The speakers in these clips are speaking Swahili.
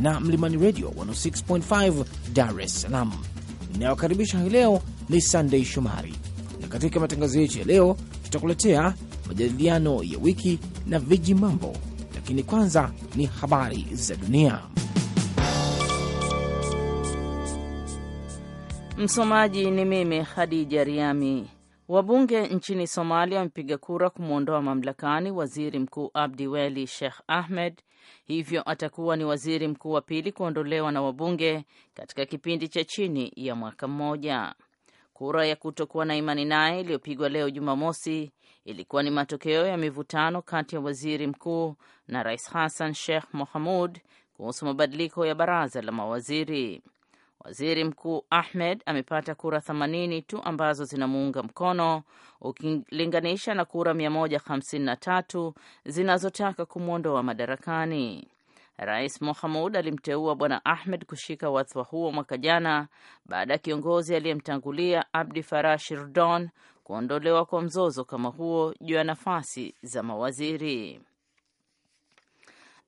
na Mlimani Radio 106.5 Dar es Salaam. Inayokaribisha hii leo ni Sandei Shomari, na katika matangazo yetu ya leo tutakuletea majadiliano ya wiki na viji mambo, lakini kwanza ni habari za dunia. Msomaji ni mimi Khadija Riami. Wabunge nchini Somalia wamepiga kura kumwondoa mamlakani waziri mkuu Abdi Weli Sheikh Ahmed hivyo atakuwa ni waziri mkuu wa pili kuondolewa na wabunge katika kipindi cha chini ya mwaka mmoja. Kura ya kutokuwa na imani naye iliyopigwa leo Jumamosi ilikuwa ni matokeo ya mivutano kati ya waziri mkuu na Rais Hassan Sheikh Mohamud kuhusu mabadiliko ya baraza la mawaziri. Waziri Mkuu Ahmed amepata kura 80 tu ambazo zinamuunga mkono ukilinganisha na kura 153 zinazotaka kumwondoa madarakani. Rais Mohamud alimteua Bwana Ahmed kushika wadhifa huo mwaka jana baada ya kiongozi aliyemtangulia Abdi Farah Shirdon kuondolewa kwa mzozo kama huo juu ya nafasi za mawaziri.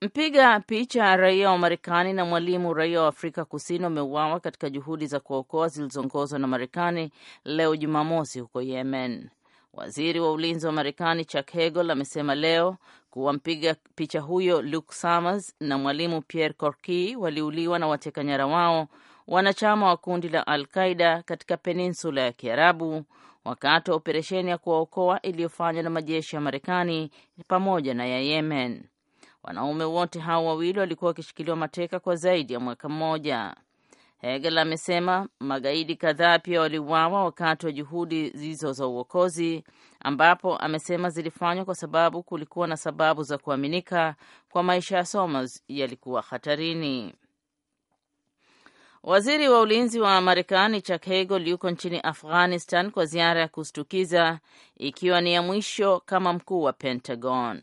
Mpiga picha raia wa Marekani na mwalimu raia wa Afrika Kusini wameuawa katika juhudi za kuokoa zilizoongozwa na Marekani leo Jumamosi huko Yemen. Waziri wa ulinzi wa Marekani Chuck Hagel amesema leo kuwa mpiga picha huyo Luke Summers na mwalimu Pierre Corki waliuliwa na watekanyara wao wanachama wa kundi la Al Qaida katika peninsula ya Kiarabu wakati wa operesheni ya kuwaokoa iliyofanywa na majeshi ya Marekani pamoja na ya Yemen. Wanaume wote hao wawili walikuwa wakishikiliwa mateka kwa zaidi ya mwaka mmoja. Hegel amesema magaidi kadhaa pia waliuawa wakati wa juhudi hizo za uokozi, ambapo amesema zilifanywa kwa sababu kulikuwa na sababu za kuaminika kwa maisha ya Somers yalikuwa hatarini. Waziri wa ulinzi wa Marekani Chuck Hagel yuko nchini Afghanistan kwa ziara ya kushtukiza, ikiwa ni ya mwisho kama mkuu wa Pentagon.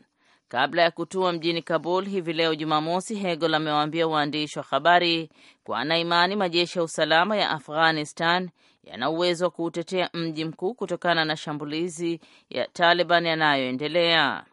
Kabla ya kutua mjini Kabul hivi leo Jumamosi, Hegel amewaambia waandishi wa habari kwa anaimani majeshi ya usalama ya Afghanistan yana uwezo wa kuutetea mji mkuu kutokana na shambulizi ya Taliban yanayoendelea.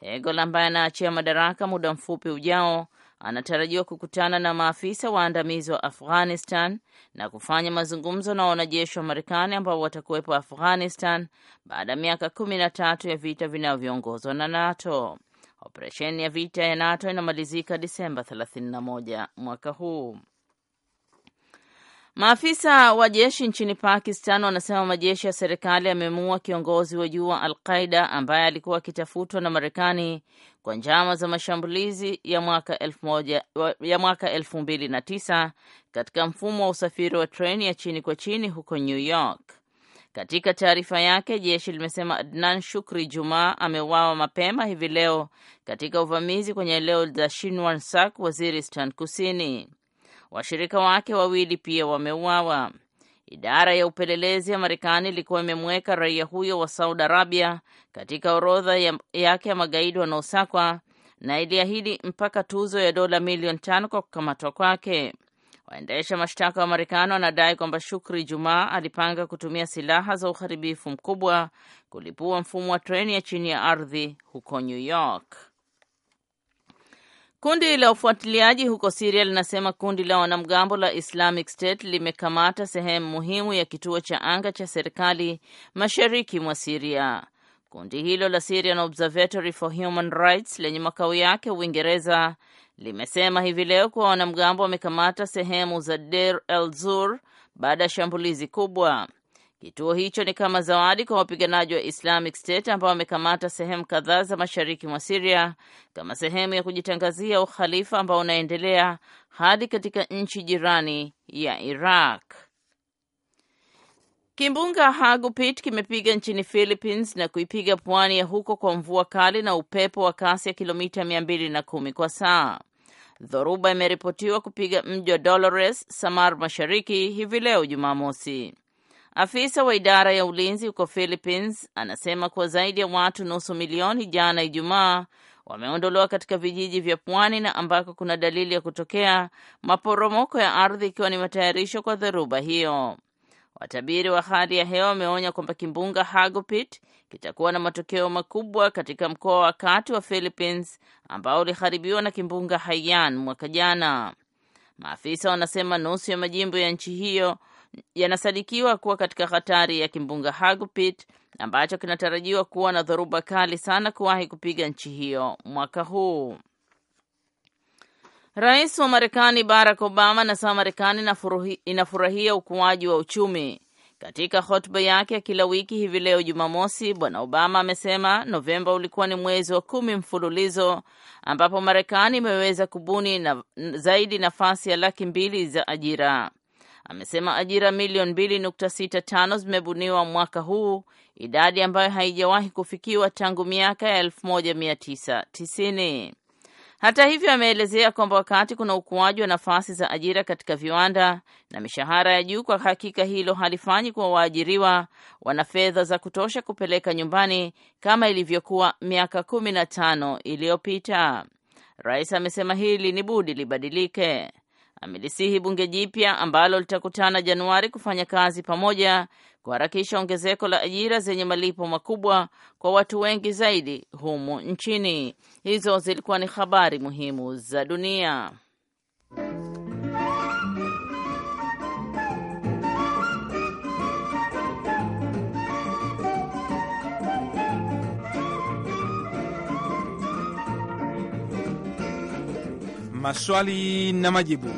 Hegel ambaye anaachia madaraka muda mfupi ujao anatarajiwa kukutana na maafisa waandamizi wa Afghanistan na kufanya mazungumzo na wanajeshi wa Marekani ambao watakuwepo Afghanistan baada ya miaka kumi na tatu ya vita vinavyoongozwa na NATO. Operesheni ya vita ya NATO inamalizika Disemba 31 mwaka huu. Maafisa wa jeshi nchini Pakistan wanasema majeshi ya serikali yamemuua kiongozi wa juu wa Alqaida ambaye alikuwa akitafutwa na Marekani kwa njama za mashambulizi ya mwaka elfu moja, ya mwaka elfu mbili na tisa katika mfumo wa usafiri wa treni ya chini kwa chini huko New York. Katika taarifa yake, jeshi limesema Adnan Shukri Jumaa ameuawa mapema hivi leo katika uvamizi kwenye eneo la Shinwansak, Waziristan Kusini. Washirika wake wawili pia wameuawa. Idara ya upelelezi ya Marekani ilikuwa imemweka raia huyo wa Saudi Arabia katika orodha ya yake ya magaidi wanaosakwa na iliahidi mpaka tuzo ya dola milioni tano kwa kukamatwa kwake. Waendesha mashtaka wa Marekani wanadai kwamba Shukri Jumaa alipanga kutumia silaha za uharibifu mkubwa kulipua mfumo wa treni ya chini ya ardhi huko New York. Kundi la ufuatiliaji huko Siria linasema kundi la wanamgambo la Islamic State limekamata sehemu muhimu ya kituo cha anga cha serikali mashariki mwa Siria. Kundi hilo la Syrian Observatory for Human Rights lenye makao yake Uingereza limesema hivi leo kuwa wanamgambo wamekamata sehemu za Deir el Zur baada ya shambulizi kubwa. Kituo hicho ni kama zawadi kwa wapiganaji wa Islamic State ambao wamekamata sehemu kadhaa za mashariki mwa Siria kama sehemu ya kujitangazia ukhalifa ambao unaendelea hadi katika nchi jirani ya Iraq. Kimbunga Hagupit kimepiga nchini Philippines na kuipiga pwani ya huko kwa mvua kali na upepo wa kasi ya kilomita 21 kwa saa. Dhoruba imeripotiwa kupiga mji wa Dolores, Samar Mashariki hivi leo Jumamosi. Afisa wa idara ya ulinzi huko Philippines anasema kuwa zaidi ya watu nusu milioni jana Ijumaa wameondolewa katika vijiji vya pwani na ambako kuna dalili ya kutokea maporomoko ya ardhi ikiwa ni matayarisho kwa dhoruba hiyo. Watabiri wa hali ya hewa wameonya kwamba kimbunga Hagupit kitakuwa na matokeo makubwa katika mkoa wa kati wa Philippines ambao uliharibiwa na kimbunga Haiyan mwaka jana. Maafisa wanasema nusu ya majimbo ya nchi hiyo yanasadikiwa kuwa katika hatari ya kimbunga Hagupit ambacho kinatarajiwa kuwa na dhoruba kali sana kuwahi kupiga nchi hiyo mwaka huu. Rais wa Marekani Barack Obama anasema Marekani inafurahia ukuaji wa uchumi. Katika hotuba yake ya kila wiki hivi leo Jumamosi, Bwana Obama amesema Novemba ulikuwa ni mwezi wa kumi mfululizo ambapo Marekani imeweza kubuni na zaidi nafasi ya laki mbili za ajira. Amesema ajira milioni mbili nukta sita tano zimebuniwa mwaka huu, idadi ambayo haijawahi kufikiwa tangu miaka ya elfu moja mia tisa tisini. Hata hivyo, ameelezea kwamba wakati kuna ukuaji wa nafasi za ajira katika viwanda na mishahara ya juu, kwa hakika hilo halifanyi kuwa waajiriwa wana fedha za kutosha kupeleka nyumbani kama ilivyokuwa miaka kumi na tano iliyopita. Rais amesema hili ni budi libadilike amelisihi bunge jipya ambalo litakutana Januari kufanya kazi pamoja kuharakisha ongezeko la ajira zenye malipo makubwa kwa watu wengi zaidi humu nchini. Hizo zilikuwa ni habari muhimu za dunia. Maswali na majibu.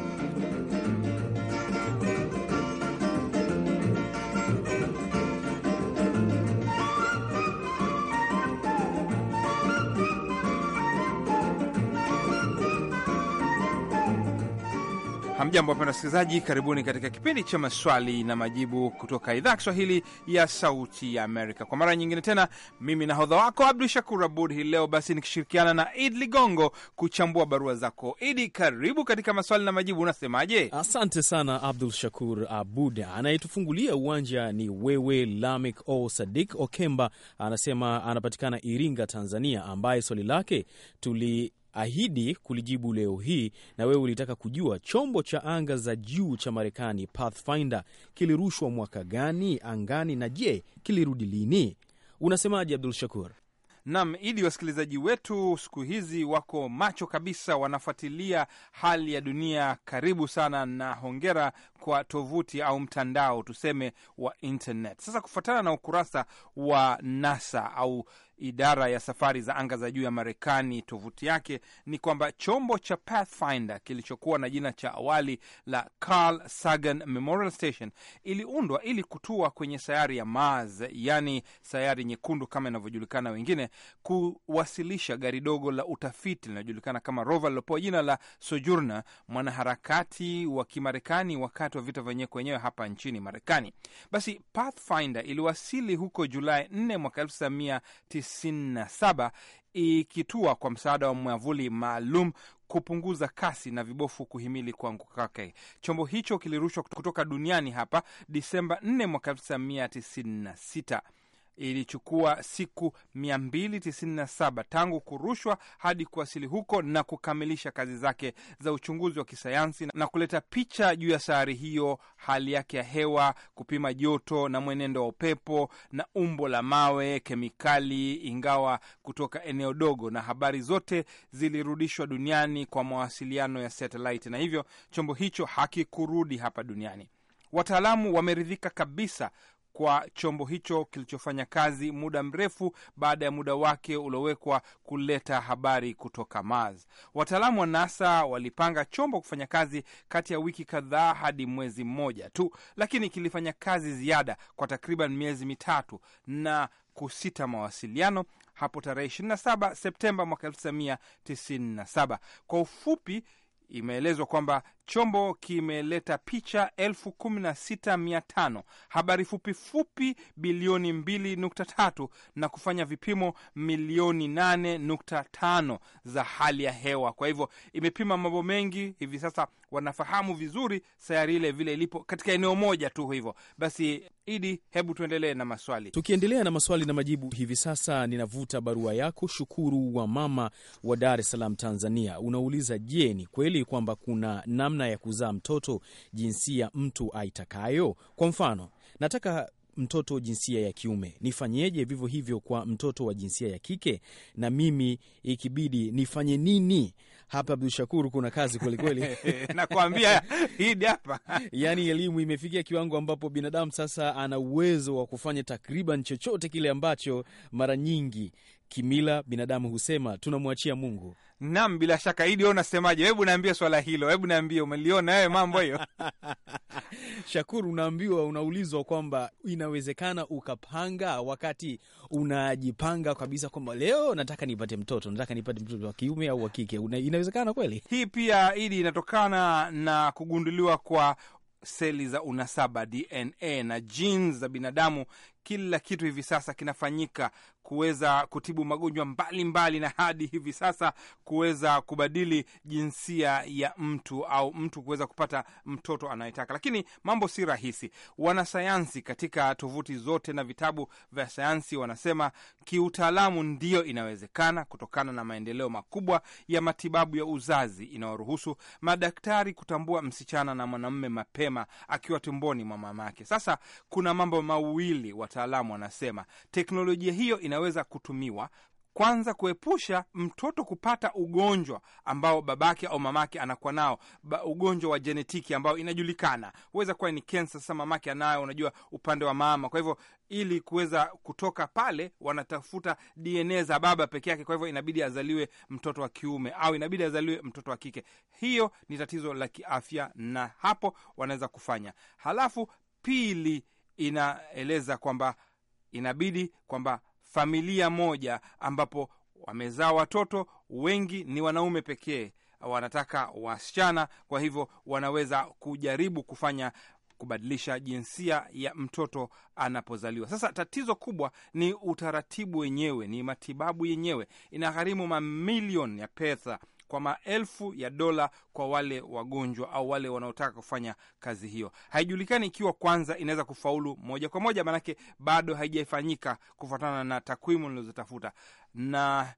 Hamjambo, wapenda wasikilizaji, karibuni katika kipindi cha maswali na majibu kutoka idhaa ya Kiswahili ya Sauti ya Amerika. Kwa mara nyingine tena, mimi nahodha wako Abdu Shakur Abud hii leo basi nikishirikiana na Idi Ligongo kuchambua barua zako. Idi, karibu katika maswali na majibu. Unasemaje? Asante sana Abdul Shakur Abud. Anayetufungulia uwanja ni wewe Lamik O Sadik Okemba, anasema anapatikana Iringa, Tanzania, ambaye swali lake tuli ahidi kulijibu leo hii. Na wewe ulitaka kujua chombo cha anga za juu cha Marekani Pathfinder kilirushwa mwaka gani angani, na je, kilirudi lini? Unasemaje, Abdul Shakur? Nam Idi, wasikilizaji wetu siku hizi wako macho kabisa, wanafuatilia hali ya dunia karibu sana, na hongera kwa tovuti au mtandao tuseme wa internet. Sasa kufuatana na ukurasa wa NASA au idara ya safari za anga za juu ya Marekani. Tovuti yake ni kwamba chombo cha Pathfinder kilichokuwa na jina cha awali la Carl Sagan Memorial Station iliundwa ili kutua kwenye sayari ya Mars, yani sayari nyekundu kama inavyojulikana wengine, kuwasilisha gari dogo la utafiti linalojulikana kama rova lilopewa jina la Sojourner, mwanaharakati wa Kimarekani wakati wa vita vyenyewe kwenyewe hapa nchini Marekani. Basi Pathfinder iliwasili huko Julai 4 mwaka 57 ikitua kwa msaada wa mwavuli maalum kupunguza kasi na vibofu kuhimili kuanguka kwake. Chombo hicho kilirushwa kutoka duniani hapa Disemba 4 mwaka 1996. Ilichukua siku 297 tangu kurushwa hadi kuwasili huko na kukamilisha kazi zake za uchunguzi wa kisayansi na kuleta picha juu ya sayari hiyo, hali yake ya hewa, kupima joto na mwenendo wa upepo na umbo la mawe, kemikali, ingawa kutoka eneo dogo, na habari zote zilirudishwa duniani kwa mawasiliano ya satellite, na hivyo chombo hicho hakikurudi hapa duniani. Wataalamu wameridhika kabisa kwa chombo hicho kilichofanya kazi muda mrefu baada ya muda wake uliowekwa kuleta habari kutoka Mars. Wataalamu wa NASA walipanga chombo kufanya kazi kati ya wiki kadhaa hadi mwezi mmoja tu, lakini kilifanya kazi ziada kwa takriban miezi mitatu na kusita mawasiliano hapo tarehe 27 Septemba mwaka 1997. Kwa ufupi, imeelezwa kwamba Chombo kimeleta picha elfu kumi na sita mia tano habari fupifupi bilioni mbili nukta tatu na kufanya vipimo milioni nane nukta tano za hali ya hewa. Kwa hivyo imepima mambo mengi. Hivi sasa wanafahamu vizuri sayari ile vile ilipo katika eneo moja tu. Hivyo basi, Idi, hebu tuendelee na maswali. Tukiendelea na maswali na majibu, hivi sasa ninavuta barua yako, Shukuru wa mama wa Dar es Salaam, Tanzania. Unauliza, je, ni kweli kwamba kuna nam namna ya kuzaa mtoto jinsia mtu aitakayo. Kwa mfano, nataka mtoto jinsia ya kiume, nifanyeje? Vivyo hivyo kwa mtoto wa jinsia ya kike, na mimi ikibidi nifanye nini? Hapa abdu Shakuru, kuna kazi kwelikweli Nakuambia hidi hapa yani, elimu imefikia kiwango ambapo binadamu sasa ana uwezo wa kufanya takriban chochote kile ambacho mara nyingi kimila binadamu husema tunamwachia Mungu. Naam, bila shaka. Idi, wewe unasemaje? Hebu naambie swala hilo, hebu naambie, umeliona wewe mambo hiyo Shakuru, unaambiwa unaulizwa kwamba inawezekana ukapanga wakati unajipanga kabisa kwamba leo nataka nipate mtoto, nataka nipate mtoto wa kiume au wa kike. Inawezekana kweli? Hii pia Idi inatokana na kugunduliwa kwa seli za unasaba DNA na jins za binadamu kila kitu hivi sasa kinafanyika kuweza kutibu magonjwa mbalimbali, na hadi hivi sasa kuweza kubadili jinsia ya mtu au mtu kuweza kupata mtoto anayetaka, lakini mambo si rahisi. Wanasayansi katika tovuti zote na vitabu vya sayansi wanasema kiutaalamu ndiyo inawezekana kutokana na maendeleo makubwa ya matibabu ya uzazi inayoruhusu madaktari kutambua msichana na mwanamume mapema akiwa tumboni mwa mamake. Sasa kuna mambo mawili wataalamu wanasema teknolojia hiyo inaweza kutumiwa kwanza kuepusha mtoto kupata ugonjwa ambao babake au mamake anakuwa nao, ugonjwa wa jenetiki ambao inajulikana huweza kuwa ni kensa. Sasa mamake anayo, unajua upande wa mama, kwa hivyo ili kuweza kutoka pale wanatafuta DNA za baba peke yake, kwa hivyo inabidi azaliwe mtoto wa kiume au inabidi azaliwe mtoto wa kike. Hiyo ni tatizo la kiafya, na hapo wanaweza kufanya. Halafu pili inaeleza kwamba inabidi kwamba familia moja ambapo wamezaa watoto wengi ni wanaume pekee, wanataka wasichana. Kwa hivyo wanaweza kujaribu kufanya kubadilisha jinsia ya mtoto anapozaliwa. Sasa tatizo kubwa ni utaratibu wenyewe, ni matibabu yenyewe, inagharimu mamilioni ya pesa kwa maelfu ya dola kwa wale wagonjwa au wale wanaotaka kufanya kazi hiyo. Haijulikani ikiwa kwanza inaweza kufaulu moja kwa moja, maanake bado haijafanyika kufuatana na takwimu nilizotafuta na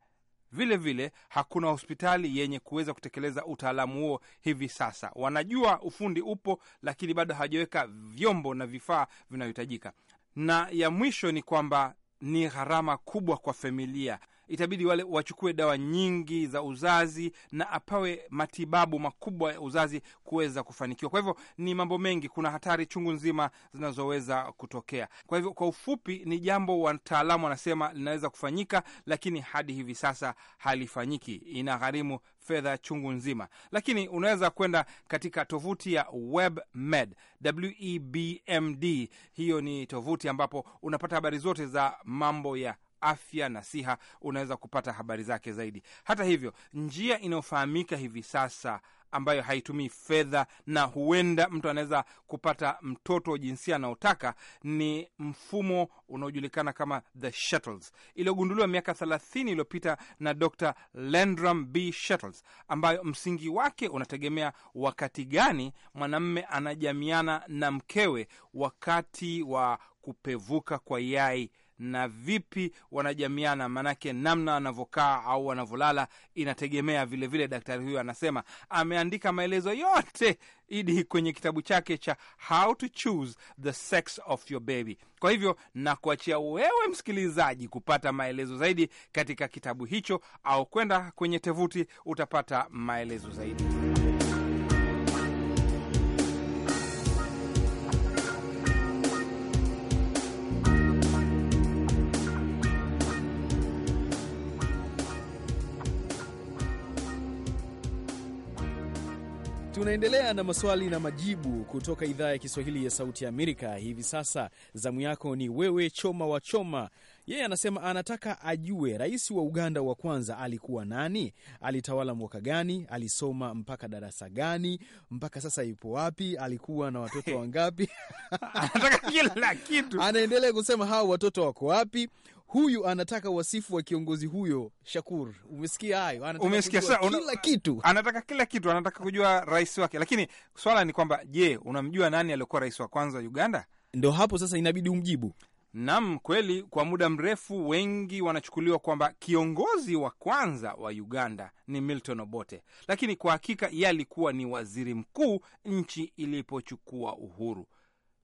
vile vile hakuna hospitali yenye kuweza kutekeleza utaalamu huo hivi sasa. Wanajua ufundi upo, lakini bado hawajaweka vyombo na vifaa vinavyohitajika. Na ya mwisho ni kwamba ni gharama kubwa kwa familia itabidi wale wachukue dawa nyingi za uzazi na apawe matibabu makubwa ya uzazi kuweza kufanikiwa. Kwa hivyo ni mambo mengi, kuna hatari chungu nzima zinazoweza kutokea. Kwa hivyo, kwa ufupi, ni jambo wataalamu wanasema linaweza kufanyika, lakini hadi hivi sasa halifanyiki. Inagharimu fedha chungu nzima, lakini unaweza kwenda katika tovuti ya WebMed, WEBMD. Hiyo ni tovuti ambapo unapata habari zote za mambo ya afya na siha, unaweza kupata habari zake zaidi. Hata hivyo, njia inayofahamika hivi sasa ambayo haitumii fedha na huenda mtu anaweza kupata mtoto wa jinsia anaotaka ni mfumo unaojulikana kama the shuttles, iliyogunduliwa miaka thelathini iliyopita na Dr Landrum B Shuttles, ambayo msingi wake unategemea wakati gani mwanamme anajamiana na mkewe wakati wa kupevuka kwa yai na vipi wanajamiana, maanake namna wanavyokaa au wanavyolala inategemea vilevile. Vile daktari huyo anasema ameandika maelezo yote idi kwenye kitabu chake cha How to Choose the Sex of Your Baby. Kwa hivyo na kuachia wewe msikilizaji kupata maelezo zaidi katika kitabu hicho, au kwenda kwenye tevuti utapata maelezo zaidi. Tunaendelea na maswali na majibu kutoka idhaa ya Kiswahili ya Sauti ya Amerika. Hivi sasa zamu yako ni wewe, Choma wa Choma. Yeye anasema anataka ajue rais wa Uganda wa kwanza alikuwa nani, alitawala mwaka gani, alisoma mpaka darasa gani, mpaka sasa yupo wapi, alikuwa na watoto wangapi? Anataka kila kitu. Anaendelea kusema hao watoto wako wapi, huyu anataka wasifu wa kiongozi huyo. Shakur, umesikia hayo? Anataka umesikia sa, una, kila kitu anataka kila kitu, anataka kujua rais wake. Lakini swala ni kwamba, je, unamjua nani aliokuwa rais wa kwanza wa Uganda? Ndo hapo sasa inabidi umjibu. Naam, kweli, kwa muda mrefu wengi wanachukuliwa kwamba kiongozi wa kwanza wa Uganda ni Milton Obote, lakini kwa hakika yeye alikuwa ni waziri mkuu nchi ilipochukua uhuru.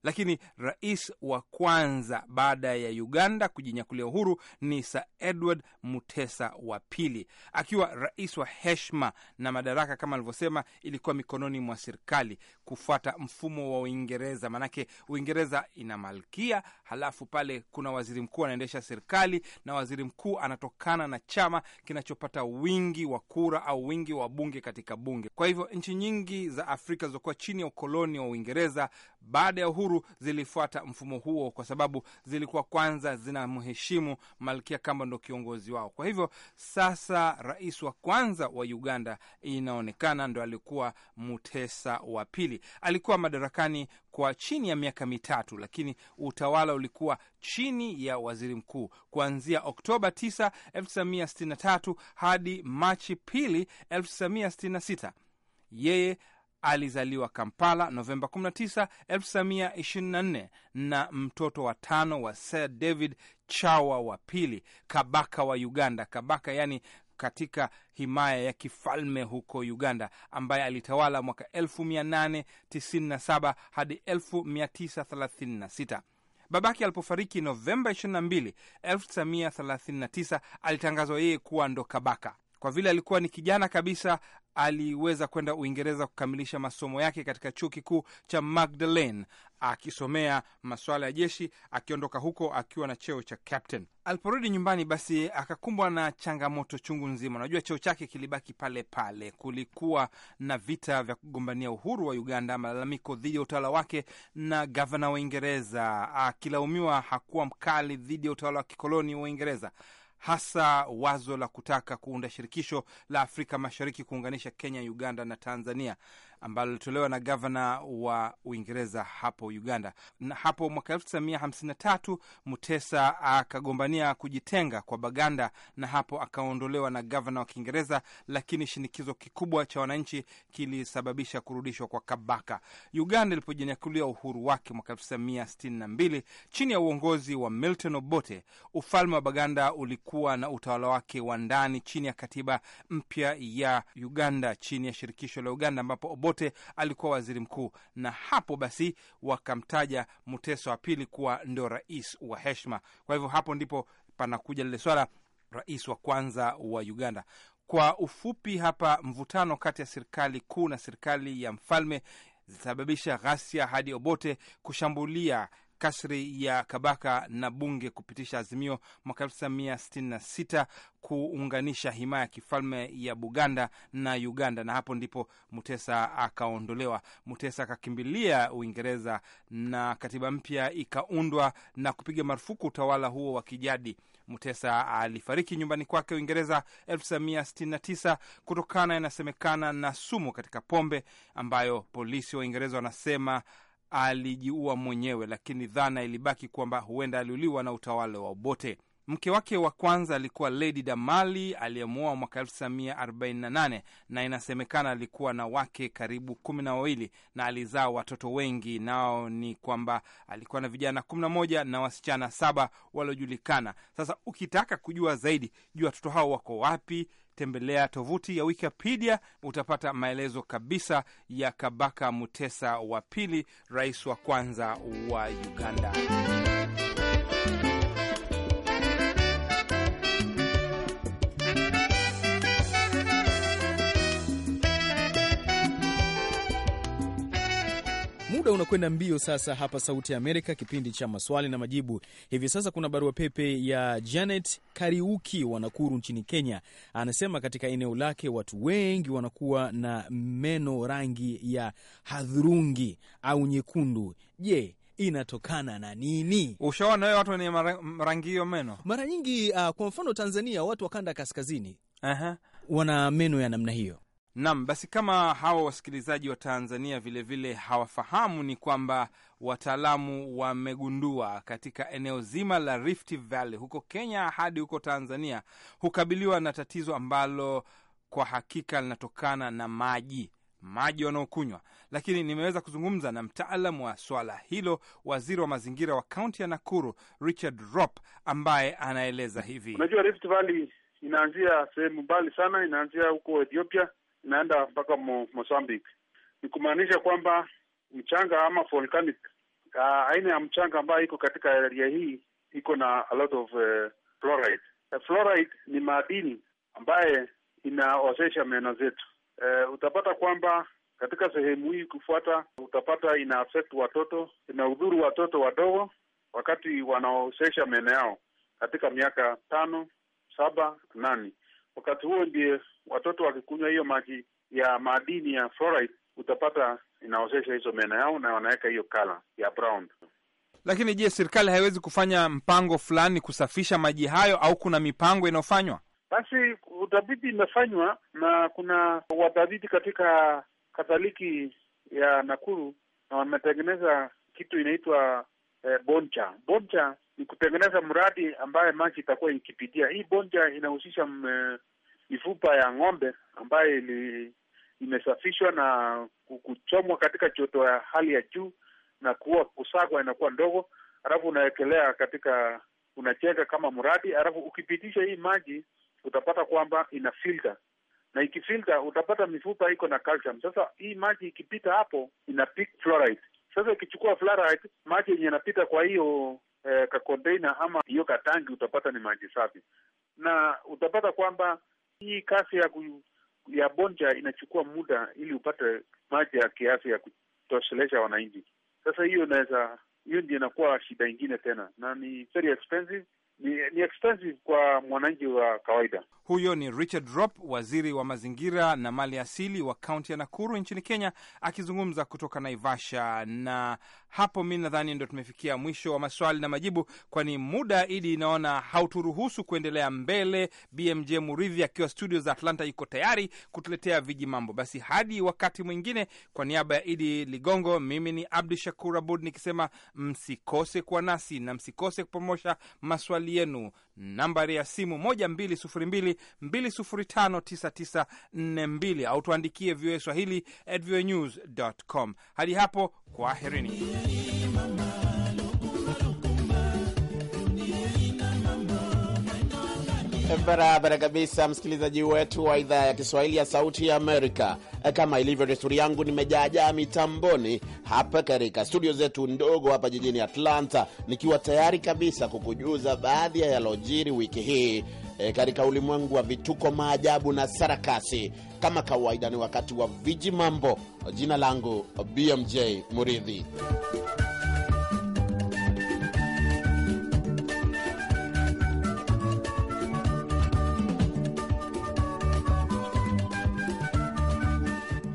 Lakini rais wa kwanza baada ya Uganda kujinyakulia uhuru ni Sir Edward Mutesa wa pili, akiwa rais wa heshima na madaraka, kama alivyosema, ilikuwa mikononi mwa serikali kufuata mfumo wa Uingereza. Maanake Uingereza ina malkia, halafu pale kuna waziri mkuu anaendesha serikali, na waziri mkuu anatokana na chama kinachopata wingi wa kura au wingi wa bunge katika bunge. Kwa hivyo nchi nyingi za Afrika zilizokuwa chini ya ukoloni wa Uingereza baada ya uhuru zilifuata mfumo huo, kwa sababu zilikuwa kwanza zinamheshimu malkia kama ndo kiongozi wao. Kwa hivyo sasa rais wa kwanza wa Uganda inaonekana ndo alikuwa Mutesa wa pili. Alikuwa madarakani kwa chini ya miaka mitatu, lakini utawala ulikuwa chini ya waziri mkuu kuanzia Oktoba 9, 1963 hadi Machi pili, 1966 yeye alizaliwa Kampala Novemba 19, 1924 na mtoto wa tano wa Sir David Chawa wa pili Kabaka wa Uganda. Kabaka yani katika himaya ya kifalme huko Uganda, ambaye alitawala mwaka 1897 hadi 1936. Babake alipofariki Novemba 22, 1939, alitangazwa yeye kuwa ndo kabaka. Kwa vile alikuwa ni kijana kabisa, aliweza kwenda Uingereza kukamilisha masomo yake katika chuo kikuu cha Magdalen akisomea masuala ya jeshi, akiondoka huko akiwa na cheo cha captain. Aliporudi nyumbani, basi akakumbwa na changamoto chungu nzima. Unajua, cheo chake kilibaki pale pale. Kulikuwa na vita vya kugombania uhuru wa Uganda, malalamiko dhidi ya utawala wake, na gavana wa Uingereza akilaumiwa hakuwa mkali dhidi ya utawala wa kikoloni wa Uingereza hasa wazo la kutaka kuunda shirikisho la Afrika Mashariki kuunganisha Kenya, Uganda na Tanzania ambalo lilitolewa na gavana wa Uingereza hapo Uganda. Na hapo mwaka 1953 Mutesa akagombania kujitenga kwa Baganda, na hapo akaondolewa na gavana wa Kiingereza, lakini shinikizo kikubwa cha wananchi kilisababisha kurudishwa kwa Kabaka. Uganda ilipojinyakulia uhuru wake mwaka 1962 chini ya uongozi wa Milton Obote, ufalme wa Baganda ulikuwa na utawala wake wa ndani chini ya katiba mpya ya Uganda chini ya shirikisho la Uganda ambapo Obote Obote alikuwa waziri mkuu, na hapo basi wakamtaja Mteso wa pili kuwa ndio rais wa heshima. Kwa hivyo hapo ndipo panakuja lile swala rais wa kwanza wa Uganda. Kwa ufupi, hapa mvutano kati ya serikali kuu na serikali ya mfalme zilisababisha ghasia hadi Obote kushambulia kasri ya Kabaka na bunge kupitisha azimio mwaka 1966 kuunganisha himaya ya kifalme ya Buganda na Uganda, na hapo ndipo Mutesa akaondolewa. Mutesa akakimbilia Uingereza na katiba mpya ikaundwa na kupiga marufuku utawala huo wa kijadi. Mutesa alifariki nyumbani kwake Uingereza 1969 kutokana, inasemekana, na sumu katika pombe ambayo polisi wa Uingereza wanasema alijiua mwenyewe, lakini dhana ilibaki kwamba huenda aliuliwa na utawala wa Obote. Mke wake wa kwanza alikuwa Lady Damali aliyemwoa mwaka 1948 na inasemekana alikuwa na wake karibu kumi na wawili na alizaa watoto wengi, nao ni kwamba alikuwa na vijana 11 na wasichana saba waliojulikana. Sasa ukitaka kujua zaidi juu watoto hao wako wapi, tembelea tovuti ya Wikipedia, utapata maelezo kabisa ya Kabaka Mutesa wa pili, rais wa kwanza wa Uganda. muda unakwenda mbio sasa hapa Sauti ya Amerika, kipindi cha maswali na majibu. Hivi sasa kuna barua pepe ya Janet Kariuki wa Nakuru nchini Kenya. Anasema katika eneo lake watu wengi wanakuwa na meno rangi ya hadhurungi au nyekundu. Je, inatokana na nini? Ushaona wewe watu wenye rangi hiyo meno? Mara nyingi uh, kwa mfano Tanzania watu wa kanda kaskazini, uh -huh. wana meno ya namna hiyo Nam, basi kama hawa wasikilizaji wa Tanzania vilevile vile hawafahamu, ni kwamba wataalamu wamegundua katika eneo zima la Rift Valley huko Kenya hadi huko Tanzania hukabiliwa na tatizo ambalo kwa hakika linatokana na maji maji wanaokunywa. Lakini nimeweza kuzungumza na mtaalam wa swala hilo, waziri wa mazingira wa kaunti ya Nakuru Richard Rop, ambaye anaeleza hivi. Unajua, Rift Valley inaanzia sehemu mbali sana, inaanzia huko Ethiopia inaenda mpaka Mozambique. Ni kumaanisha kwamba mchanga ama volcanic uh, aina ya mchanga ambayo iko katika area hii iko na a lot of uh, fluoride. Uh, fluoride ni madini ambaye inaozesha meno zetu. Uh, utapata kwamba katika sehemu hii kufuata, utapata ina affect watoto, ina udhuru watoto wadogo wakati wanaozesha meno yao katika miaka tano, saba, nane. Wakati huo ndio watoto wakikunywa hiyo maji ya madini ya fluoride, utapata inaozesha hizo meno yao na wanaweka hiyo kala ya brown. Lakini je, serikali haiwezi kufanya mpango fulani kusafisha maji hayo, au kuna mipango inayofanywa? Basi utafiti imefanywa na kuna watafiti katika Katoliki ya Nakuru na wametengeneza kitu inaitwa eh, Bonja. Bonja ni kutengeneza mradi ambaye maji itakuwa ikipitia. Hii Bonja inahusisha mm, eh, mifupa ya ng'ombe ambayo ili, imesafishwa na kuchomwa katika joto ya hali ya juu na kuwa kusagwa inakuwa ndogo, alafu unawekelea katika unacheka kama mradi, alafu ukipitisha hii maji utapata kwamba ina filter na ikifilta utapata mifupa iko na calcium. Sasa hii maji ikipita hapo ina pick fluoride sasa ikichukua fluoride, maji yenye yanapita kwa hiyo eh, kakonteina ama hiyo katangi, utapata ni maji safi, na utapata kwamba hii kasi ya ya bonja inachukua muda ili upate maji ya kiasi ya kutoshelesha wananchi. Sasa hiyo inaweza hiyo ndio inakuwa shida ingine tena, na ni very expensive, ni, ni expensive kwa mwananchi wa kawaida. Huyo ni Richard Rop, waziri wa mazingira na mali asili wa kaunti ya Nakuru nchini Kenya, akizungumza kutoka Naivasha. Na hapo mi nadhani ndo tumefikia mwisho wa maswali na majibu, kwani muda Idi inaona hauturuhusu kuendelea mbele. BMJ Muridhi akiwa studio za Atlanta yuko tayari kutuletea viji mambo. Basi hadi wakati mwingine, kwa niaba ya Idi Ligongo, mimi ni Abdu Shakur Abud nikisema msikose kuwa nasi na msikose kupomosha maswali yenu. Nambari ya simu moja mbili sufuri mbili 205942 au tuandikie VOA Swahili at Hadi hapo, kwaherini. Barabara kabisa, msikilizaji wetu wa idhaa ya Kiswahili ya Sauti ya Amerika. Kama ilivyo desturi yangu, nimejaajaa mitamboni hapa katika studio zetu ndogo hapa jijini Atlanta, nikiwa tayari kabisa kukujuza baadhi ya yalojiri wiki hii e, katika ulimwengu wa vituko, maajabu na sarakasi. Kama kawaida, ni wakati wa viji mambo. Jina langu BMJ Muridhi.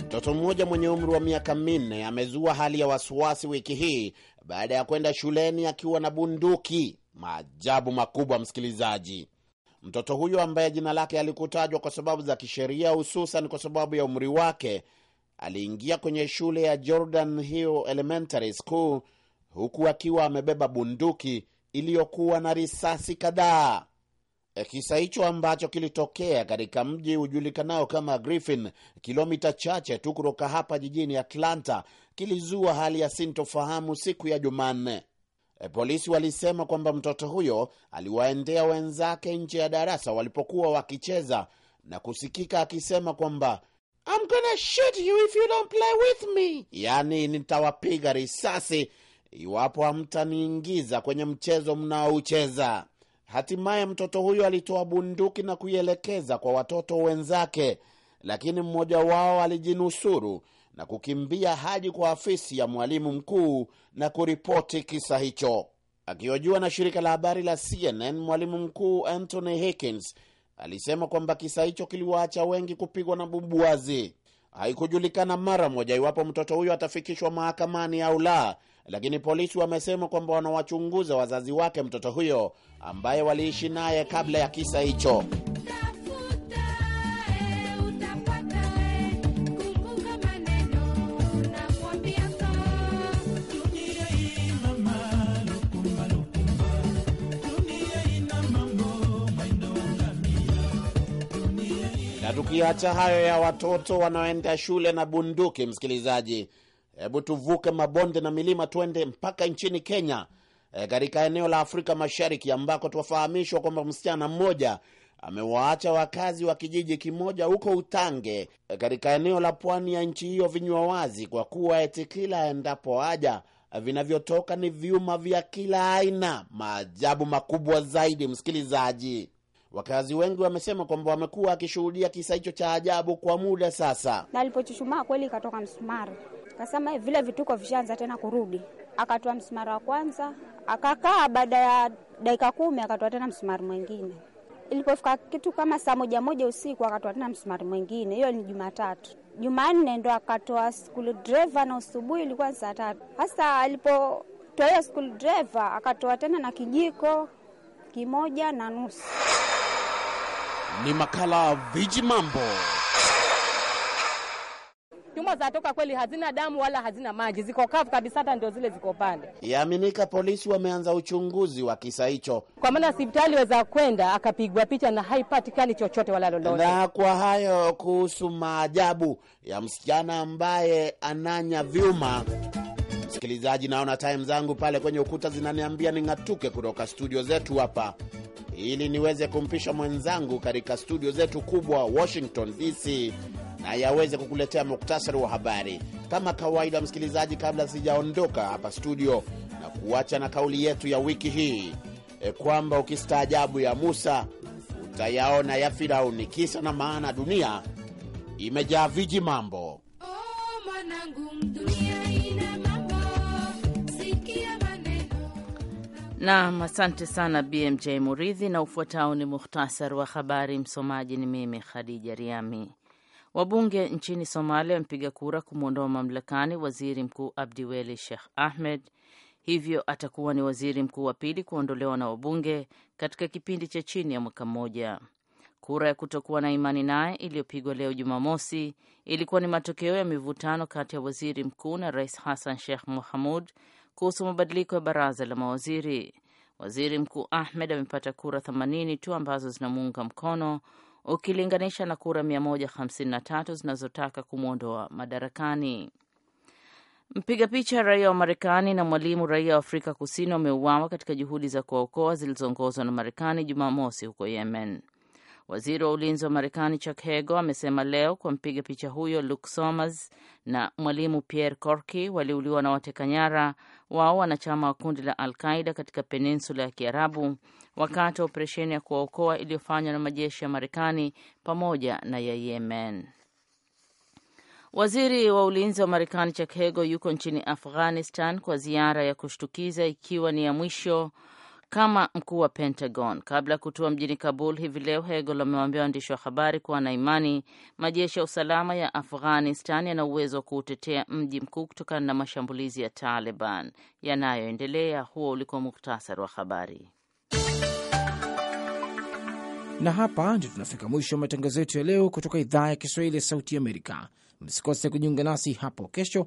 Mtoto mmoja mwenye umri wa miaka minne amezua hali ya wasiwasi wiki hii baada ya kwenda shuleni akiwa na bunduki. Maajabu makubwa, msikilizaji. Mtoto huyo ambaye jina lake alikutajwa kwa sababu za kisheria, hususan kwa sababu ya umri wake, aliingia kwenye shule ya Jordan Hill Elementary School huku akiwa amebeba bunduki iliyokuwa na risasi kadhaa. E, kisa hicho ambacho kilitokea katika mji ujulikanao kama Griffin, kilomita chache tu kutoka hapa jijini Atlanta, kilizua hali ya sintofahamu siku ya Jumanne. E, polisi walisema kwamba mtoto huyo aliwaendea wenzake nje ya darasa walipokuwa wakicheza na kusikika akisema kwamba I'm gonna shoot you if you don't play with me, yaani nitawapiga risasi iwapo hamtaniingiza kwenye mchezo mnaoucheza. Hatimaye mtoto huyo alitoa bunduki na kuielekeza kwa watoto wenzake, lakini mmoja wao alijinusuru na kukimbia hadi kwa afisi ya mwalimu mkuu na kuripoti kisa hicho. Akihojiwa na shirika la habari la CNN, mwalimu mkuu Anthony hikins alisema kwamba kisa hicho kiliwaacha wengi kupigwa na bumbuazi. Haikujulikana mara moja iwapo mtoto huyo atafikishwa mahakamani au la, lakini polisi wamesema kwamba wanawachunguza wazazi wake mtoto huyo ambaye waliishi naye kabla ya kisa hicho. Tukiacha hayo ya watoto wanaoenda shule na bunduki, msikilizaji, hebu tuvuke mabonde na milima tuende mpaka nchini Kenya, eh, katika e, eneo la Afrika Mashariki ambako tuwafahamishwa kwamba msichana mmoja amewaacha wakazi wa kijiji kimoja huko Utange eh, katika eneo la pwani ya nchi hiyo vinywa wazi, kwa kuwa eti kila endapo haja eh, vinavyotoka ni vyuma vya kila aina. Maajabu makubwa zaidi, msikilizaji. Wakazi wengi wamesema kwamba wamekuwa akishuhudia kisa hicho cha ajabu kwa muda sasa. Na alipochuchumaa kweli, ikatoka msumari, kasema eh, vile vituko vishaanza tena kurudi. Akatoa msumari wa kwanza akakaa, baada ya dakika kumi akatoa tena msumari mwingine. Ilipofika kitu kama saa moja moja usiku akatoa tena msumari mwingine. Hiyo ni Jumatatu. Jumanne ndo akatoa skul dreva, na usubuhi ilikuwa saa tatu hasa alipotoa hiyo skulu dreva, akatoa tena na kijiko kimoja na nusu. Ni makala Viji Mambo. Nyuma za toka kweli hazina damu wala hazina maji, ziko kavu kabisa, hata ndio zile ziko pale. Yaaminika polisi wameanza uchunguzi wa kisa hicho, kwa maana sipitali weza kwenda akapigwa picha na haipatikani chochote wala lolote. Na kwa hayo kuhusu maajabu ya msichana ambaye ananya vyuma Msikilizaji, naona time zangu pale kwenye ukuta zinaniambia ning'atuke kutoka studio zetu hapa ili niweze kumpisha mwenzangu katika studio zetu kubwa Washington DC na yaweze kukuletea muktasari wa habari kama kawaida. Msikilizaji, kabla sijaondoka hapa studio, na kuacha na kauli yetu ya wiki hii e, kwamba ukistaajabu ya Musa utayaona ya Firauni. Kisa na maana, dunia imejaa viji mambo. Oh, manangu, dunia ina mambo. Sikia Naam, asante sana BMJ Muridhi. Na ufuatao ni muhtasari wa habari. Msomaji ni mimi Khadija Riami. Wabunge nchini Somalia wamepiga kura kumwondoa mamlakani waziri mkuu Abdiweli Sheikh Ahmed, hivyo atakuwa ni waziri mkuu wa pili kuondolewa na wabunge katika kipindi cha chini ya mwaka mmoja. Kura ya kutokuwa na imani naye iliyopigwa leo Jumamosi ilikuwa ni matokeo ya mivutano kati ya waziri mkuu na rais Hassan Sheikh Mohamud kuhusu mabadiliko ya baraza la mawaziri. Waziri Mkuu Ahmed amepata kura 80 tu ambazo zinamuunga mkono ukilinganisha na kura 153 zinazotaka kumwondoa madarakani. Mpiga picha raia wa Marekani na mwalimu raia wa Afrika Kusini wameuawa katika juhudi za kuwaokoa zilizoongozwa na Marekani Jumamosi huko Yemen. Waziri wa ulinzi wa Marekani Chuck Hagel amesema leo kwa mpiga picha huyo Luke Somers na mwalimu Pierre Corky waliuliwa na wateka nyara wao wanachama wa kundi la Al Qaida katika peninsula ya Kiarabu wakati wa operesheni ya kuwaokoa iliyofanywa na majeshi ya Marekani pamoja na ya Yemen. Waziri wa ulinzi wa Marekani Chuck Hagel yuko nchini Afghanistan kwa ziara ya kushtukiza ikiwa ni ya mwisho kama mkuu wa Pentagon. Kabla ya kutua mjini Kabul hivi leo, Hegel amewaambia waandishi wa habari kuwa na imani majeshi ya usalama ya Afghanistan yana uwezo wa kuutetea mji mkuu kutokana na mashambulizi ya Taliban yanayoendelea. Huo ulikuwa muktasari wa habari, na hapa ndio tunafika mwisho wa matangazo yetu ya leo kutoka idhaa ya Kiswahili ya Sauti Amerika. Msikose kujiunga nasi hapo kesho